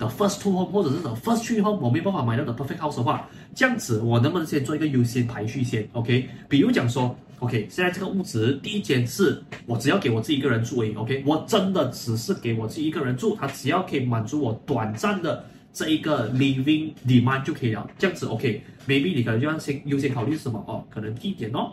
The first two home 或者是 the first three home 我沒辦法買到的 perfect house 的話，這樣子我能不能先做一個優先排序先？OK？比如講說，OK，現在這個屋子，第一間是我只要給我自己一個人住，OK？而已 okay? 我真的只是給我自己一個人住，他只要可以滿足我短暫的這一個 living demand 就可以了，這樣子 OK？Maybe、okay, 你可能就要先優先考慮什麼哦，可能地點哦。